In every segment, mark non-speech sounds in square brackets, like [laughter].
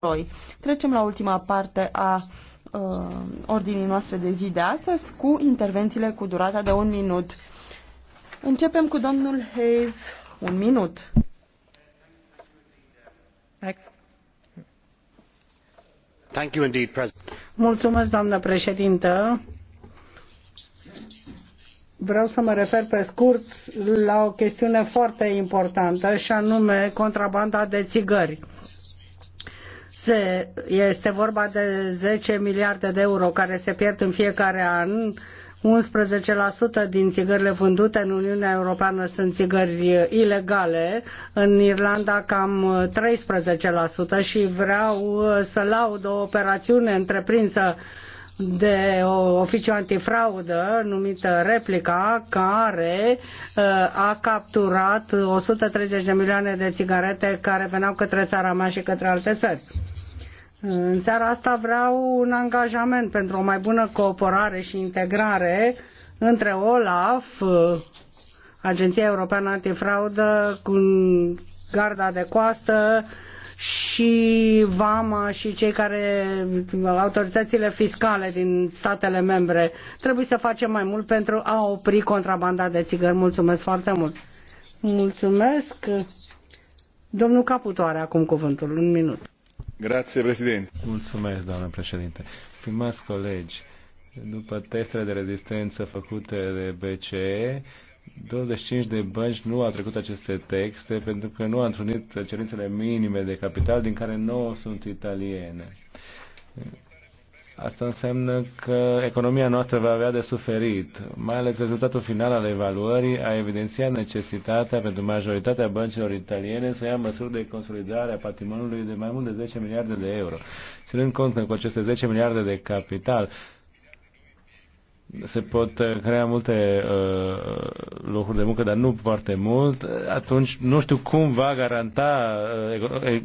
Roy. Trecem la ultima parte a uh, ordinii noastre de zi de astăzi cu intervențiile cu durata de un minut. Începem cu domnul Hayes. Un minut. Thank you indeed, President. Mulțumesc, doamnă președintă. Vreau să mă refer pe scurt la o chestiune foarte importantă și anume contrabanda de țigări se, este vorba de 10 miliarde de euro care se pierd în fiecare an. 11% din țigările vândute în Uniunea Europeană sunt țigări uh, ilegale, în Irlanda cam 13% uh, și vreau uh, să laud o operațiune întreprinsă de o oficiu antifraudă numită Replica, care a capturat 130 de milioane de țigarete care veneau către țara mea și către alte țări. În seara asta vreau un angajament pentru o mai bună cooperare și integrare între OLAF, Agenția Europeană Antifraudă, cu Garda de Coastă și VAMA și cei care, autoritățile fiscale din statele membre. Trebuie să facem mai mult pentru a opri contrabanda de țigări. Mulțumesc foarte mult! Mulțumesc! Domnul Caputoare, acum cuvântul, un minut. Grazie, Mulțumesc, doamnă președinte. Stimați colegi, după testele de rezistență făcute de BCE, 25 de bănci nu au trecut aceste texte pentru că nu au întrunit cerințele minime de capital, din care 9 sunt italiene. Asta înseamnă că economia noastră va avea de suferit. Mai ales rezultatul final al evaluării a evidențiat necesitatea pentru majoritatea băncilor italiene să ia măsuri de consolidare a patrimoniului de mai mult de 10 miliarde de euro. Ținând cont că cu aceste 10 miliarde de capital se pot uh, crea multe uh, locuri de muncă, dar nu foarte mult, uh, atunci nu știu cum va garanta uh,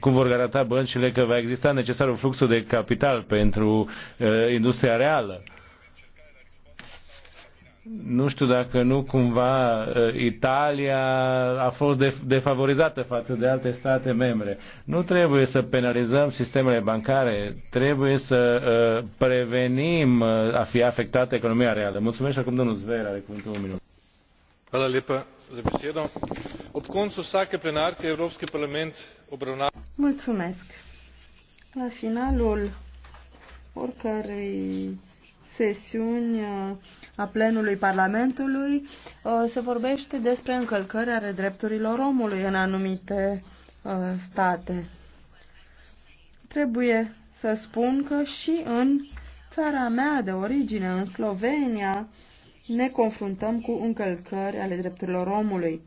cum vor garanta băncile că va exista necesar un flux de capital pentru uh, industria reală? Nu știu dacă nu cumva uh, Italia a fost defavorizată față de alte state membre. Nu trebuie să penalizăm sistemele bancare, trebuie să uh, prevenim uh, a fi afectată economia reală. Mulțumesc acum domnul Zver, are cuvântul un minut. Hvala lepa ob koncu vsake plenarke evropski parlament obravnava. la finalul oricărei sesiuni uh, a plenului Parlamentului uh, se vorbește despre încălcări ale drepturilor omului în anumite uh, state. Trebuie să spun că și în țara mea de origine, în Slovenia, ne confruntăm cu încălcări ale drepturilor omului.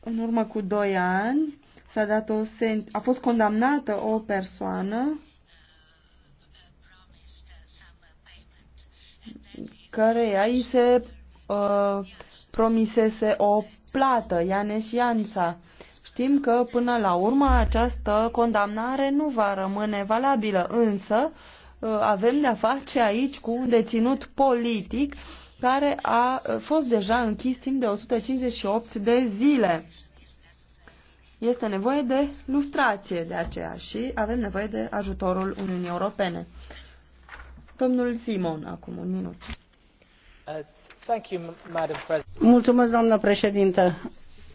În urmă cu doi ani s-a dat o sen- a fost condamnată o persoană căreia îi se uh, promisese o plată, Iane Ianța. Știm că până la urmă această condamnare nu va rămâne valabilă, însă Uh, avem de-a face aici cu un deținut politic care a uh, fost deja închis timp de 158 de zile. Este nevoie de lustrație de aceea și avem nevoie de ajutorul Uniunii Europene. Domnul Simon, acum un minut. Uh, Mulțumesc, doamnă președinte.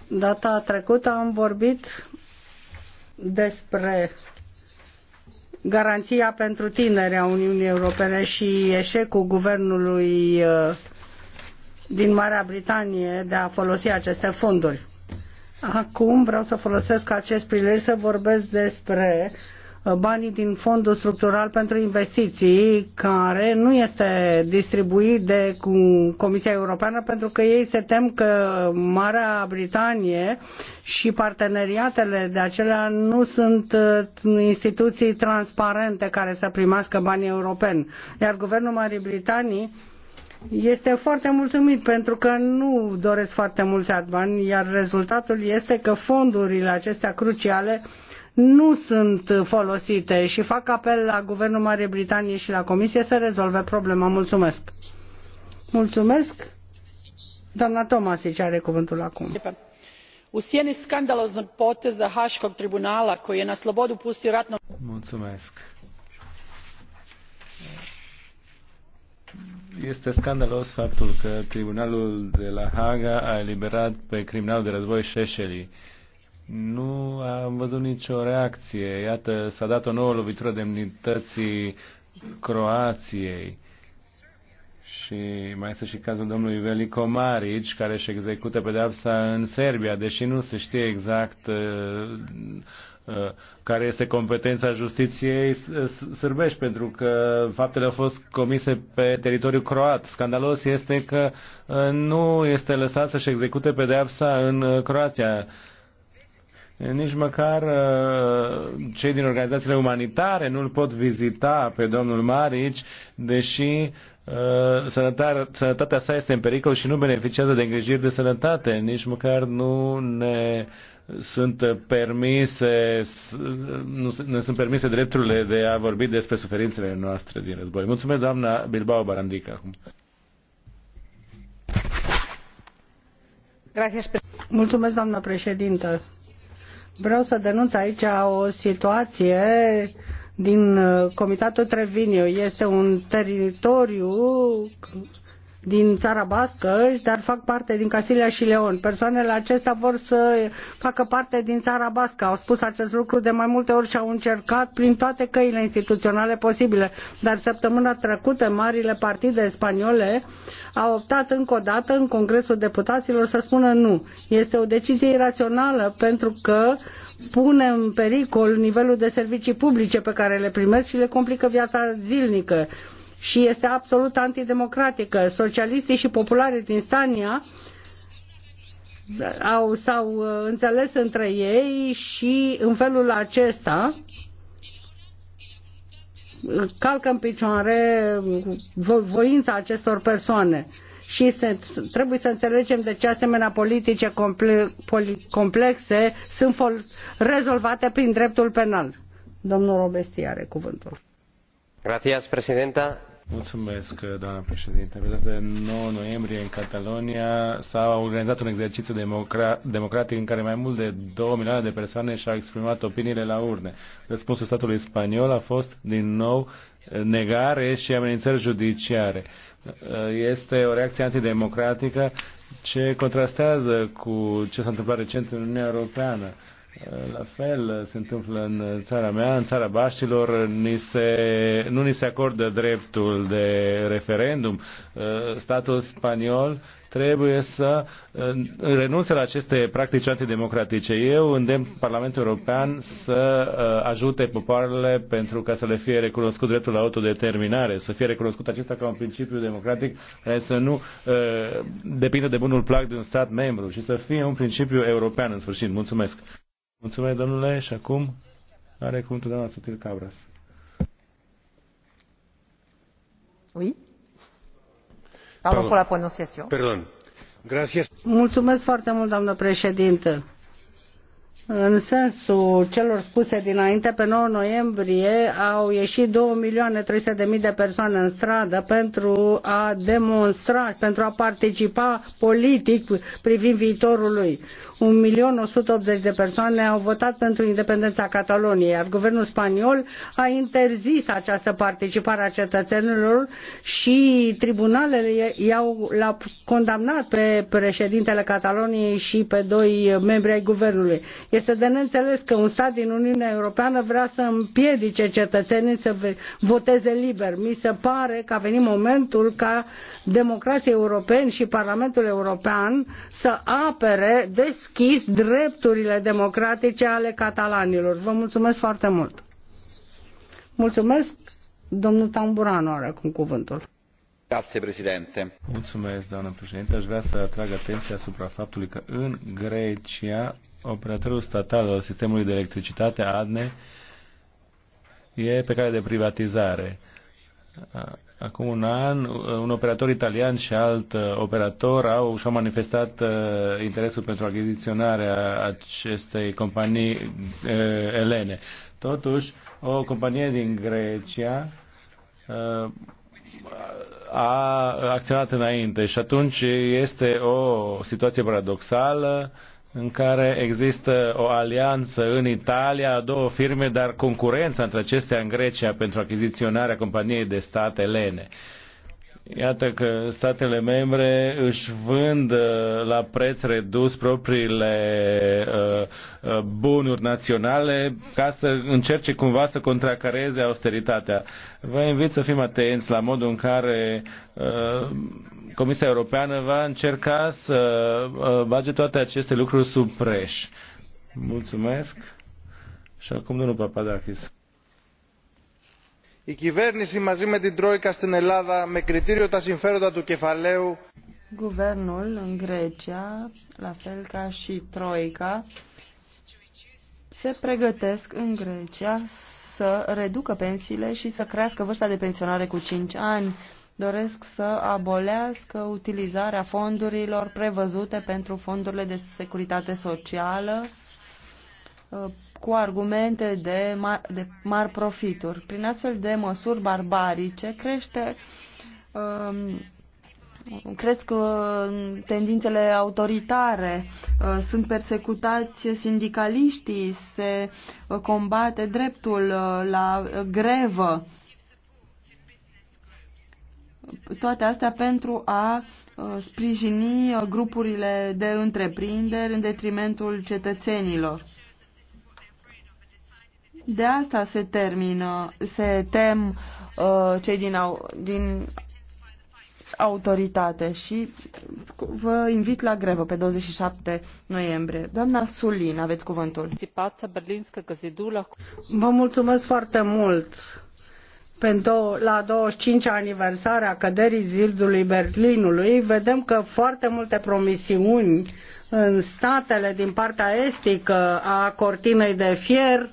Data trecută am vorbit despre Garanția pentru tineri a Uniunii Europene și eșecul guvernului uh, din Marea Britanie de a folosi aceste fonduri. Acum vreau să folosesc acest prilej să vorbesc despre banii din Fondul Structural pentru Investiții, care nu este distribuit de Comisia Europeană pentru că ei se tem că Marea Britanie și parteneriatele de acelea nu sunt uh, instituții transparente care să primească banii europeni. Iar guvernul Marii Britanii este foarte mulțumit pentru că nu doresc foarte mulți bani, iar rezultatul este că fondurile acestea cruciale nu sunt folosite și fac apel la Guvernul Marii Britanie și la Comisie să rezolve problema. Mulțumesc! Mulțumesc! Doamna Tomasic are cuvântul acum u sjeni skandaloznog poteza haškog tribunala koji je na slobodu pustio Mulțumesc. Este scandalos faptul că tribunalul de la Haga a eliberat pe criminal de război Șeșelii. Nu am văzut nicio reacție. Iată, s-a dat o nouă lovitură demnității Croației. Și mai este și cazul domnului Veliko Maric, care își execută pedeapsa în Serbia, deși nu se știe exact uh, uh, care este competența justiției sârbești, pentru că faptele au fost comise pe teritoriul croat. Scandalos este că uh, nu este lăsat să-și execute pedeapsa în uh, Croația. Uh, nici măcar uh, cei din organizațiile umanitare nu-l pot vizita pe domnul Marici, deși uh, sănătatea, sa este în pericol și nu beneficiază de îngrijiri de sănătate. Nici măcar nu ne sunt permise, nu nu sunt permise drepturile de a vorbi despre suferințele noastre din război. Mulțumesc, doamna Bilbao Barandica. Mulțumesc, doamna președintă Vreau să denunț aici o situație din uh, Comitatul Treviniu. Este un teritoriu din țara bască, dar fac parte din Casilia și Leon. Persoanele acestea vor să facă parte din țara bască. Au spus acest lucru de mai multe ori și au încercat prin toate căile instituționale posibile. Dar săptămâna trecută, marile partide spaniole au optat încă o dată în Congresul Deputaților să spună nu. Este o decizie irațională pentru că pune în pericol nivelul de servicii publice pe care le primesc și le complică viața zilnică și este absolut antidemocratică. Socialiștii și populare din Stania au, s-au uh, înțeles între ei și în felul acesta calcă în picioare voința acestor persoane și se, trebuie să înțelegem de ce asemenea politice comple, poli, complexe sunt fol, rezolvate prin dreptul penal. Domnul Robesti are cuvântul. Gracias, presidenta. Mulțumesc, doamna președinte. Pe 9 noiembrie în Catalonia s-a organizat un exercițiu democra- democratic în care mai mult de 2 milioane de persoane și-au exprimat opiniile la urne. Răspunsul statului spaniol a fost din nou negare și amenințări judiciare. Este o reacție antidemocratică ce contrastează cu ce s-a întâmplat recent în Uniunea Europeană. La fel uh, se întâmplă în uh, țara mea, în țara Baștilor, uh, ni se, nu ni se acordă dreptul de referendum. Statul spaniol trebuie să renunțe la aceste practici antidemocratice. Eu îndemn Parlamentul European să ajute popoarele pentru ca să le fie recunoscut dreptul la autodeterminare, să fie recunoscut acesta ca un principiu democratic care să nu depindă de bunul plac de un stat membru și să fie un principiu european în sfârșit. Mulțumesc! Mulțumesc, domnule, și acum are cuvântul doamna Sotil Cabras. Oui. Pardon, Pardon. la prononciation. Pardon. Gracias. Mulțumesc foarte mult, doamnă președintă. În sensul celor spuse dinainte, pe 9 noiembrie au ieșit 2.300.000 de persoane în stradă pentru a demonstra, pentru a participa politic privind viitorul lui. 1.180.000 de persoane au votat pentru independența Cataloniei, iar guvernul spaniol a interzis această participare a cetățenilor și tribunalele i-au l-au condamnat pe președintele Cataloniei și pe doi membri ai guvernului. Este de neînțeles că un stat din Uniunea Europeană vrea să împiedice cetățenii să voteze liber. Mi se pare că a venit momentul ca democrații europeni și Parlamentul European să apere des deschis drepturile democratice ale catalanilor. Vă mulțumesc foarte mult. Mulțumesc, domnul Tamburano are acum cuvântul. Grazie, președinte. Mulțumesc, doamnă președinte. Aș vrea să atrag atenția asupra faptului că în Grecia operatorul statal al sistemului de electricitate, ADNE, e pe cale de privatizare. Acum un an, uh, un operator italian și alt uh, operator au și-au manifestat uh, interesul pentru achiziționarea acestei companii elene. Totuși, o companie din Grecia a acționat înainte și atunci este o situație paradoxală în care există o alianță în Italia două firme, dar concurența între acestea în Grecia pentru achiziționarea companiei de stat elene. Iată că statele membre își vând uh, la preț redus propriile uh, uh, bunuri naționale ca să încerce cumva să contracareze austeritatea. Vă invit să fim atenți la modul în care Comisia Europeană va încerca să uh, bage toate aceste lucruri sub preș. Mulțumesc. Și acum domnul Papadakis. Η κυβέρνηση μαζί με την Τρόικα στην Ελλάδα με κριτήριο τα συμφέροντα του κεφαλαίου. Guvernul în Γκρέτσια, la fel ca și Troica, se pregătesc în Grecia să reducă pensiile și să crească vârsta de pensionare cu 5 άνι doresc să abolească utilizarea fondurilor prevăzute pentru fondurile de securitate socială uh, cu argumente de mari, de mari profituri. Prin astfel de măsuri barbarice crește um, cresc uh, tendințele autoritare, uh, sunt persecutați sindicaliștii, se combate dreptul la grevă toate astea pentru a uh, sprijini uh, grupurile de întreprinderi în detrimentul cetățenilor. De asta se termină, se tem uh, cei din, au, din autoritate și vă invit la grevă pe 27 noiembrie. Doamna Sulin, aveți cuvântul. Vă mulțumesc foarte mult pentru, la 25 aniversarea căderii zidului Berlinului, vedem că foarte multe promisiuni în statele din partea estică a cortinei de fier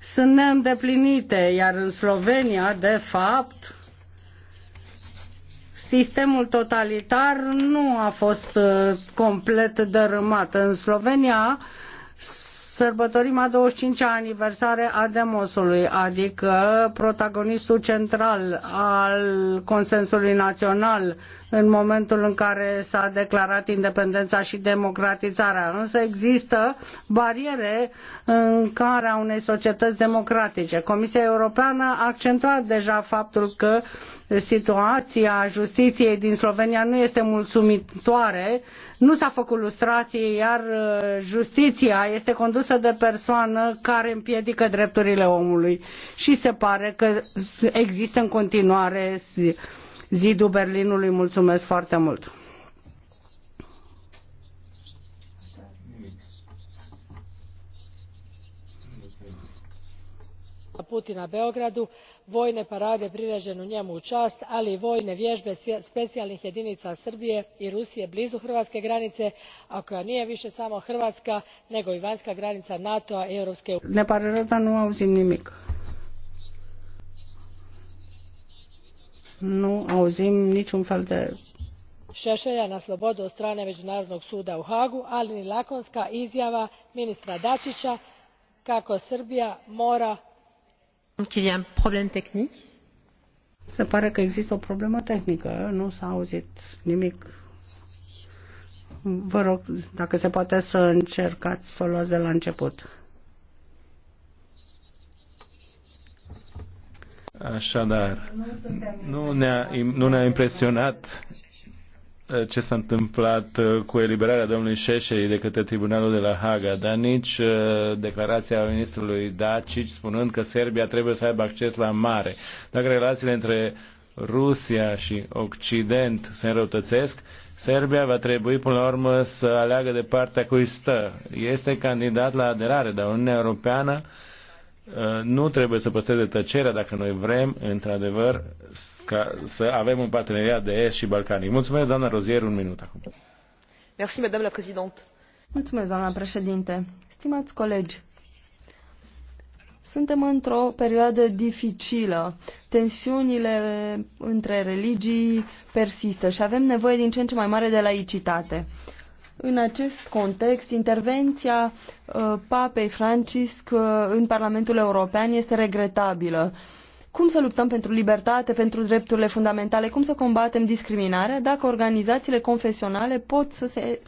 sunt neîndeplinite, iar în Slovenia, de fapt, sistemul totalitar nu a fost uh, complet dărâmat. În Slovenia sărbătorim a 25-a aniversare a Demosului, adică protagonistul central al consensului național în momentul în care s-a declarat independența și democratizarea. Însă există bariere în care a unei societăți democratice. Comisia Europeană a accentuat deja faptul că situația justiției din Slovenia nu este mulțumitoare, nu s-a făcut lustrație, iar uh, justiția este condusă de persoană care împiedică drepturile omului și se pare că există în continuare zidul Berlinului. Mulțumesc foarte mult! putina beogradu vojne parade priređene njemu u čast ali i vojne vježbe specijalnih jedinica srbije i rusije blizu hrvatske granice a koja nije više samo hrvatska nego i vanjska granica nato a i europske unije. nu auzim niciun fel de šešelja na slobodu od strane međunarodnog suda u haagu ali ni lakonska izjava ministra dačića kako srbija mora se pare că există o problemă tehnică, nu s-a auzit nimic. Vă rog, dacă se poate să încercați să o luați de la început. Așadar, nu ne-a, nu ne-a impresionat uh, ce s-a întâmplat uh, cu eliberarea domnului Șeșei de către tribunalul de la Haga, dar nici uh, declarația ministrului Dacici spunând că Serbia trebuie să aibă acces la mare. Dacă relațiile între Rusia și Occident se înrăutățesc, Serbia va trebui până la urmă să aleagă de partea cui stă. Este candidat la aderare, dar Uniunea Europeană uh, Uh, nu trebuie să păstreze tăcerea dacă noi vrem, într-adevăr, să avem un parteneriat de Est și Balcanii. Mulțumesc, doamna Rozier, un minut acum. Merci, madame la présidente. Mulțumesc, doamna președinte. Stimați colegi, suntem într-o perioadă dificilă. Tensiunile între religii persistă și avem nevoie din ce în ce mai mare de laicitate. În acest context, intervenția uh, Papei Francisc uh, în Parlamentul European este regretabilă. Cum să luptăm pentru libertate, pentru drepturile fundamentale, cum să combatem discriminarea dacă organizațiile confesionale pot să se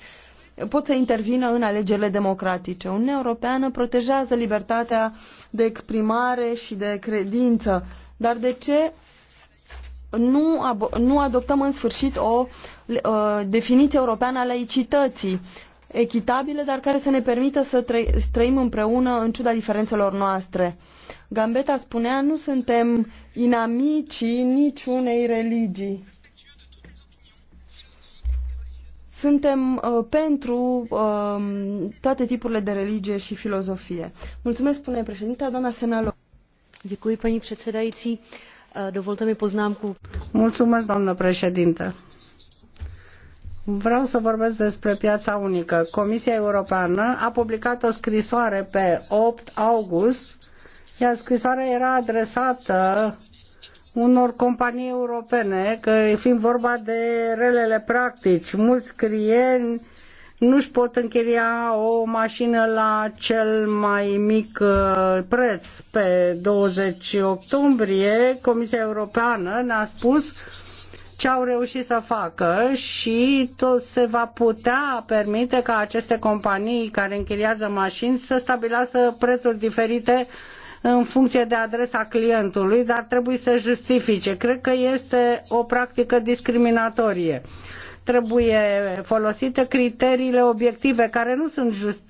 pot să intervină în alegerile democratice. Uniunea Europeană protejează libertatea de exprimare și de credință, dar de ce nu, nu adoptăm în sfârșit o uh, definiție europeană a laicității echitabilă, dar care să ne permită să trăi, trăim împreună în ciuda diferențelor noastre. Gambetta spunea, nu suntem inamicii niciunei religii. Suntem uh, pentru uh, toate tipurile de religie și filozofie. Mulțumesc, spune președinta, doamna Senalo. Děkuji, paní předsedající. Uh, Eh, dovolte mi poznámku. Mulțumesc, doamnă președinte. Vreau să vorbesc despre piața unică. Comisia Europeană a publicat o scrisoare pe 8 august, iar scrisoarea era adresată unor companii europene, că fiind vorba de relele practici, mulți clienți nu își pot închiria o mașină la cel mai mic uh, preț. Pe 20 octombrie Comisia Europeană ne-a spus ce au reușit să facă și tot se va putea permite ca aceste companii care închiriază mașini să stabilească prețuri diferite în funcție de adresa clientului, dar trebuie să justifice. Cred că este o practică discriminatorie trebuie folosite criteriile obiective care nu sunt just,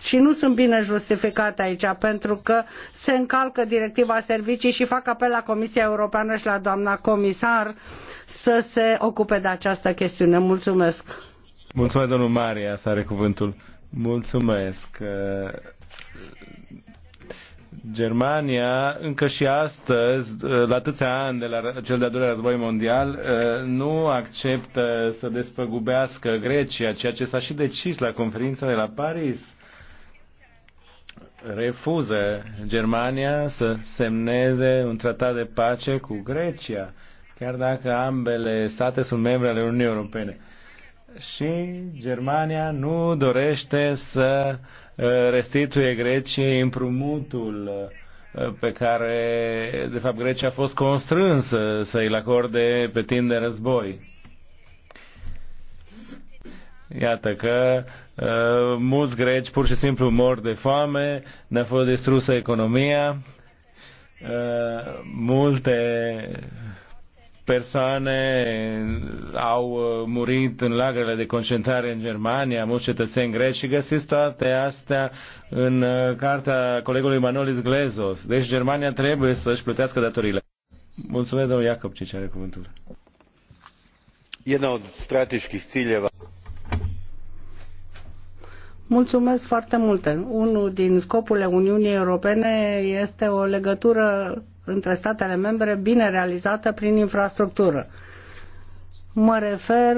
și nu sunt bine justificate aici pentru că se încalcă directiva servicii și fac apel la Comisia Europeană și la doamna comisar să se ocupe de această chestiune. Mulțumesc! Mulțumesc, domnul Maria, să are cuvântul. Mulțumesc! Uh, Germania, încă și astăzi, la atâția ani de la cel de-al doilea război mondial, uh, nu acceptă să despăgubească Grecia, ceea ce s-a și decis la conferința de la Paris. Refuză Germania să semneze un tratat de pace cu Grecia, chiar dacă ambele state sunt membre ale Uniunii Europene. Și Germania nu dorește să Eh, restituie Greciei împrumutul eh, pe care, de fapt, Grecia a fost constrânsă să îl acorde pe timp de război. Iată că uh, mulți greci pur și simplu mor de foame, ne-a fost distrusă economia, uh, multe persoane au uh, murit în lagrele de concentrare în Germania, mulți cetățeni greci și găsiți toate astea în uh, cartea colegului Manolis Glezos. Deci Germania trebuie să-și plătească datorile. Mulțumesc, domnul Iacob, ce are cuvântul. Jedna od strateških ciljeva Mulțumesc foarte mult. Unul din scopurile Uniunii Europene este o legătură între statele membre bine realizată prin infrastructură. Mă refer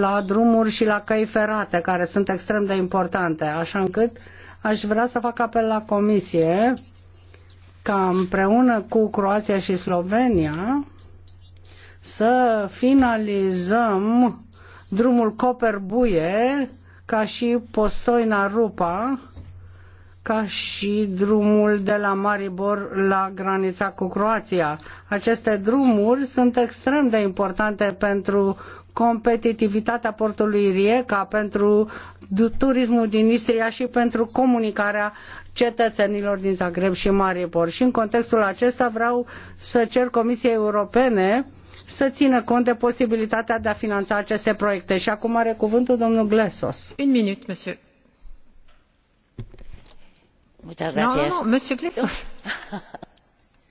la drumuri și la căi ferate, care sunt extrem de importante, așa încât aș vrea să fac apel la Comisie ca împreună cu Croația și Slovenia să finalizăm drumul Coperbuie ca și Postoina Rupa, ca și drumul de la Maribor la granița cu Croația. Aceste drumuri sunt extrem de importante pentru competitivitatea portului Rieca pentru turismul din Istria și pentru comunicarea cetățenilor din Zagreb și Maribor. Și în contextul acesta vreau să cer Comisiei Europene să țină cont de posibilitatea de a finanța aceste proiecte. Și acum are cuvântul domnul Glesos. Un minut, monsieur. Muchas gracias. No, no, no, monsieur Glesos.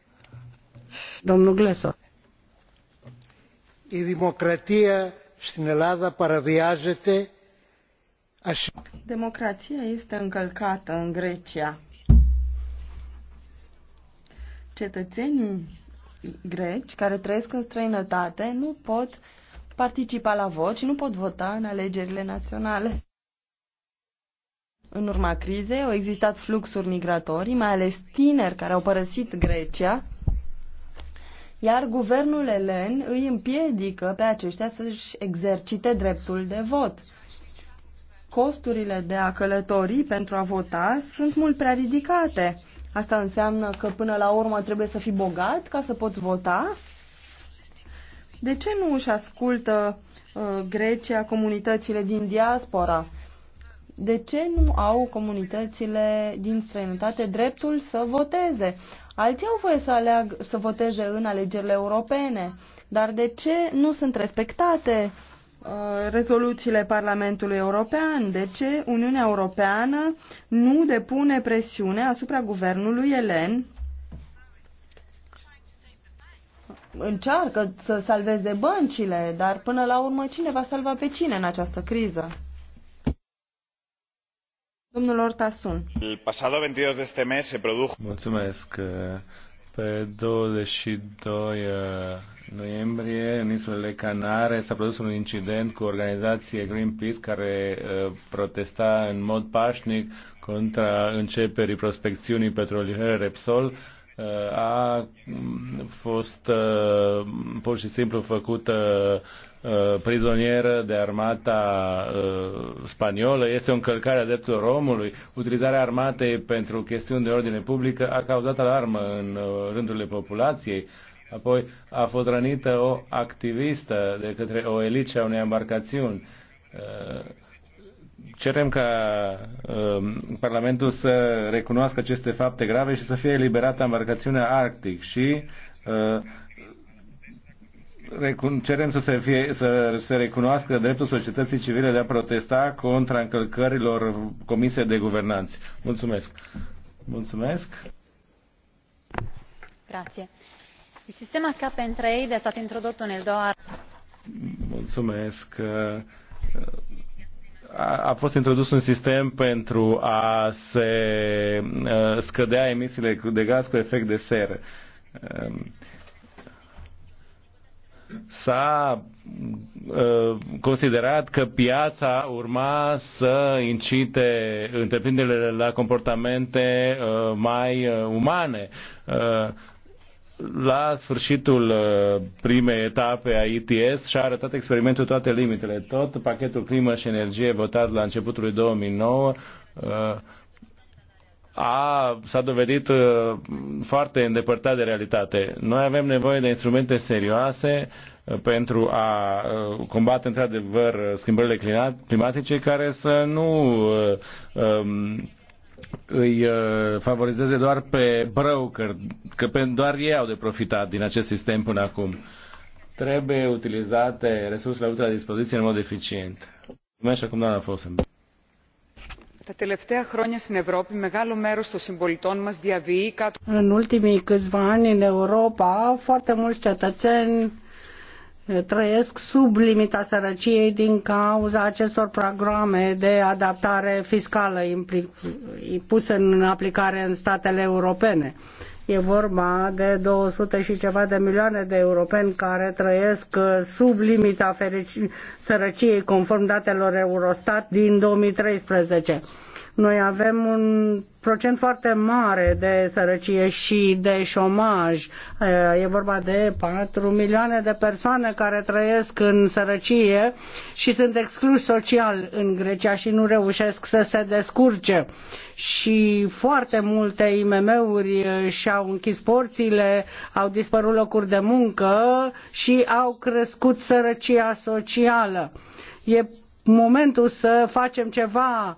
[laughs] Domnul Glesos η δημοκρατία στην Ελλάδα παραβιάζεται Democrația este încălcată în Grecia. Cetățenii greci care trăiesc în străinătate nu pot participa la vot și nu pot vota în alegerile naționale. În urma crizei au existat fluxuri migratorii, mai ales tineri care au părăsit Grecia iar guvernul elen îi împiedică pe aceștia să-și exercite dreptul de vot. Costurile de a călători pentru a vota sunt mult prea ridicate. Asta înseamnă că până la urmă trebuie să fii bogat ca să poți vota? De ce nu își ascultă uh, Grecia comunitățile din diaspora? De ce nu au comunitățile din străinătate dreptul să voteze? Alții au voie să, aleag, să voteze în alegerile europene, dar de ce nu sunt respectate uh, rezoluțiile Parlamentului European? De ce Uniunea Europeană nu depune presiune asupra guvernului elen? Încearcă să salveze băncile, dar până la urmă cine va salva pe cine în această criză? El pasado 22 de este mes se produjo... Mulțumesc. Pe 22 uh, noiembrie, în insulele Canare, s-a produs un incident cu organizație Greenpeace care uh, protesta în mod pașnic contra începerii prospecțiunii petrolieră Repsol a fost uh, pur și simplu făcută uh, prizonieră de armata uh, spaniolă, este o încălcare a drepturilor omului. Utilizarea armatei pentru chestiuni de ordine publică a cauzat alarmă în rândurile populației. Apoi a fost rănită o activistă de către o elice a unei embarcațiuni cerem ca uh, Parlamentul să recunoască aceste fapte grave și să fie eliberată embarcațiunea Arctic și uh, cerem să se, fie, să se recunoască dreptul societății civile de a protesta contra încălcărilor comise de guvernanți. Mulțumesc. Mulțumesc. Grazie. Il sistema K&Trade è stato introdotto nel DOAR. Mulțumesc a fost introdus un sistem pentru a se scădea emisiile de gaz cu efect de seră. Ehm, s-a considerat că piața urma să incite întreprinderile la comportamente mai umane la sfârșitul uh, primei etape a ITS și-a arătat experimentul toate limitele. Tot pachetul climă și energie votat la începutul 2009 uh, a, s-a dovedit uh, foarte îndepărtat de realitate. Noi avem nevoie de instrumente serioase pentru a combate într-adevăr schimbările climatice care să nu um, îi uh, favorizeze doar pe broker, că doar ei au de profitat din acest sistem până acum. Trebuie utilizate resursele avute la dispoziție în mod eficient. Mulțumesc acum doamna Fosem. Τα τελευταία χρόνια στην Ευρώπη μεγάλο μέρος των συμπολιτών μας κάτω... În ultimii câțiva ani în Europa, foarte mulți cetățeni trăiesc sub limita sărăciei din cauza acestor programe de adaptare fiscală puse în aplicare în statele europene. E vorba de 200 și ceva de milioane de europeni care trăiesc uh, sub limita sărăciei conform datelor Eurostat din 2013. Noi avem un procent foarte mare de sărăcie și de șomaj. E vorba de 4 milioane de persoane care trăiesc în sărăcie și sunt excluși social în Grecia și nu reușesc să se descurce. Și foarte multe IMM-uri și-au închis porțile, au dispărut locuri de muncă și au crescut sărăcia socială. E momentul să facem ceva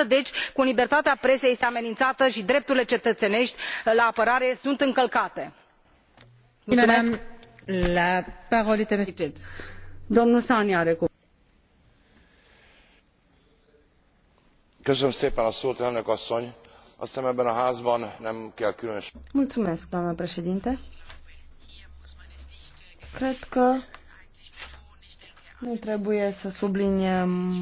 odată deci cu libertatea presei este amenințată și drepturile cetățenești uh, la apărare sunt încălcate. mulțumesc doamnă președinte cred că nu trebuie să subliniem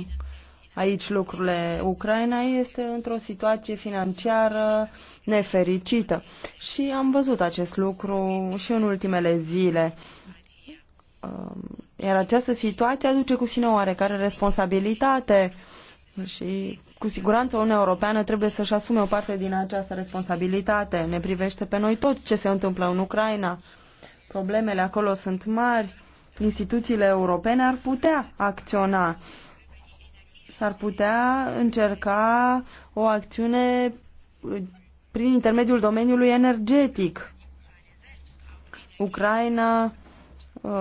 aici lucrurile. Ucraina este într-o situație financiară nefericită și am văzut acest lucru și în ultimele zile. Um, iar această situație aduce cu sine oarecare responsabilitate și cu siguranță Uniunea Europeană trebuie să-și asume o parte din această responsabilitate. Ne privește pe noi toți ce se întâmplă în Ucraina. Problemele acolo sunt mari. Instituțiile europene ar putea acționa s-ar putea încerca o acțiune uh, prin intermediul domeniului energetic. Ucraina uh,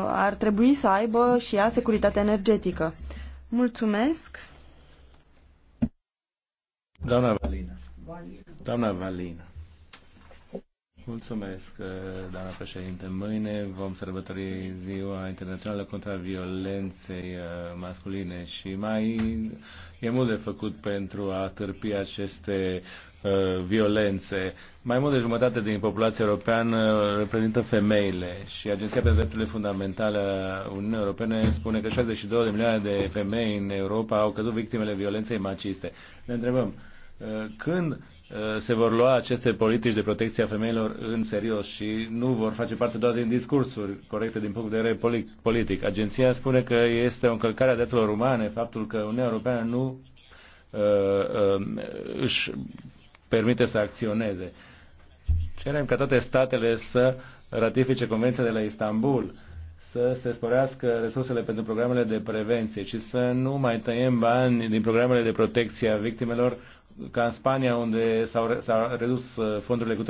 ar trebui să aibă și ea securitate energetică. Mulțumesc. Doamna Valina. Doamna Valina. Mulțumesc, eh, doamna președinte. Mâine vom sărbători Ziua Internațională contra Violenței eh, Masculine și mai e mult de făcut pentru a târpi aceste eh, violențe. Mai mult de jumătate din populația europeană reprezintă femeile și Agenția pentru Drepturile Fundamentale a Uniunii Europene spune că 62 de milioane de femei în Europa au căzut victimele violenței maciste. Ne întrebăm, când Eh, se vor lua aceste politici de protecție a femeilor în serios și nu vor face parte doar din discursuri corecte din punct de vedere politic. Agenția spune că este o încălcare a drepturilor umane faptul că Uniunea Europeană nu uh, uh, își permite să acționeze. Cerem ca toate statele să ratifice Convenția de la Istanbul, să se sporească resursele pentru programele de prevenție și să nu mai tăiem bani din programele de protecție a victimelor ca în Spania, unde s-au, redus uh, fondurile cu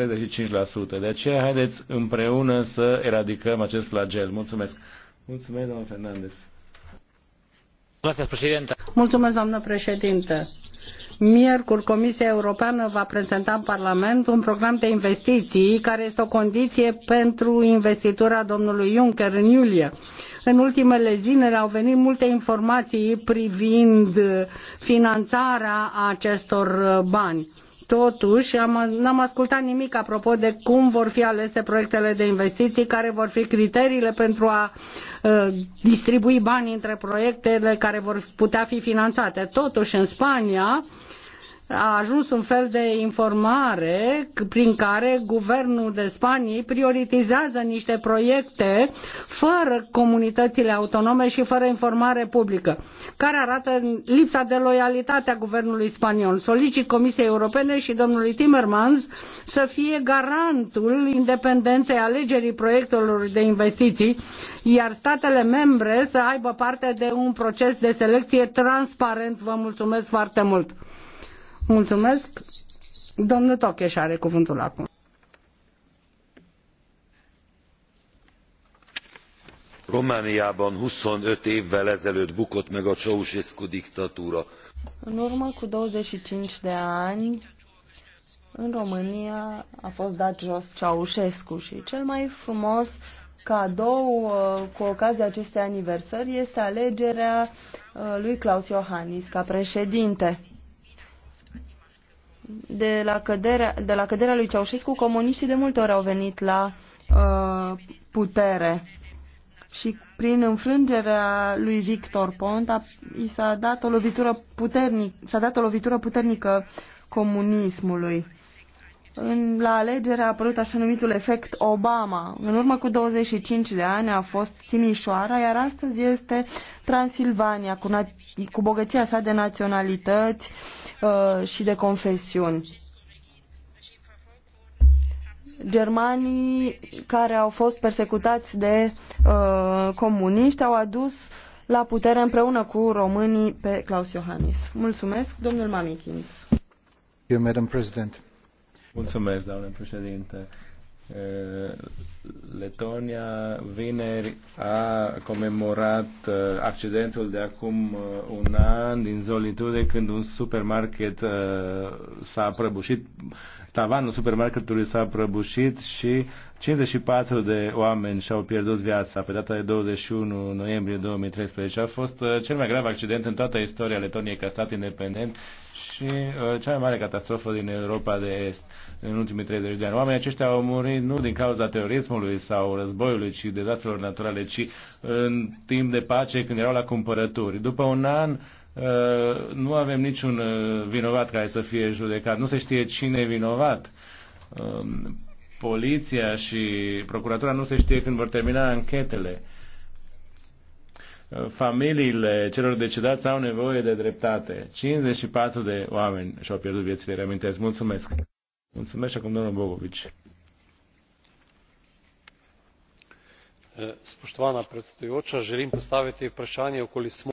35%. De aceea, haideți împreună să eradicăm acest flagel. Mulțumesc. Mulțumesc, domnul Fernandez. Mulțumesc, doamnă președinte. Miercuri, Comisia Europeană va prezenta în Parlament un program de investiții care este o condiție pentru investitura domnului Juncker în iulie. În ultimele zile au venit multe informații privind finanțarea acestor bani Totuși, am, n-am ascultat nimic apropo de cum vor fi alese proiectele de investiții, care vor fi criteriile pentru a uh, distribui bani între proiectele care vor putea fi finanțate. Totuși, în Spania, uh, a ajuns un fel de informare prin care guvernul de Spaniei prioritizează niște proiecte fără comunitățile autonome și fără informare publică, care arată lipsa de loialitate a guvernului spaniol. Solicit Comisiei Europene și domnului Timmermans să fie garantul independenței alegerii proiectelor de investiții, iar statele membre să aibă parte de un proces de selecție transparent. Vă mulțumesc foarte mult! Mulțumesc. Domnul Tocheș are cuvântul acum. romániában 25 évvel ezelőtt bukott meg a ceausescu diktatúra. în urmă cu 25 de ani în România a fost dat jos Ceaușescu și cel mai frumos cadou uh, cu ocazia acestei aniversări este alegerea uh, lui Claus Iohannis ca președinte de la căderea, de la căderea lui Ceaușescu, comuniștii de multe ori au venit la uh, putere. Și prin înfrângerea lui Victor Ponta i s-a dat o lovitură puternic, s-a dat o lovitură puternică comunismului în, la alegere a apărut așa numitul efect Obama. În urmă cu 25 de ani a fost Timișoara, iar astăzi este Transilvania, cu, na- cu bogăția sa de naționalități uh, și de confesiuni. Germanii care au fost persecutați de uh, comuniști au adus la putere împreună cu românii pe Claus Iohannis. Mulțumesc, domnul Mamikins. President. Mulțumesc, doamne președinte. Letonia vineri a comemorat accidentul de acum un an din Zolitude când un supermarket s-a prăbușit, tavanul supermarketului s-a prăbușit și 54 de oameni și-au pierdut viața pe data de 21 noiembrie 2013. A fost cel mai grav accident în toată istoria Letoniei ca stat independent și uh, cea mai mare catastrofă din Europa de Est în ultimii 30 de ani. Oamenii aceștia au murit nu din cauza terorismului sau războiului, ci dezastrelor naturale, ci în timp de pace când erau la cumpărături. După un an uh, nu avem niciun uh, vinovat care să fie judecat. Nu se știe cine e vinovat. Uh, poliția și procuratura nu se știe când vor termina anchetele. Uh, familiile celor decedați au nevoie de dreptate. 54 de oameni și-au pierdut viețile, reamintesc. Mulțumesc. Mulțumesc acum domnul Bogovici. Eh, Spuștoana predsedujoča, želim postavite prășanie ocoli smo.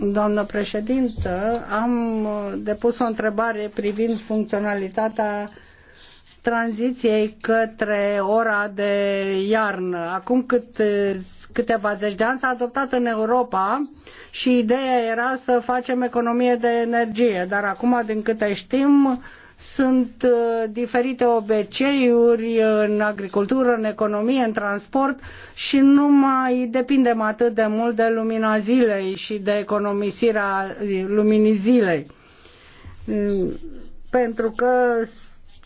Doamnă președință, am eh, depus o întrebare privind funcționalitatea tranziției către ora de iarnă. Acum cât, câteva zeci de ani s-a adoptat în Europa și ideea era să facem economie de energie, dar acum, din câte știm, sunt uh, diferite obiceiuri în agricultură, în economie, în transport și nu mai depindem atât de mult de lumina zilei și de economisirea uh, luminii zilei. Uh, pentru că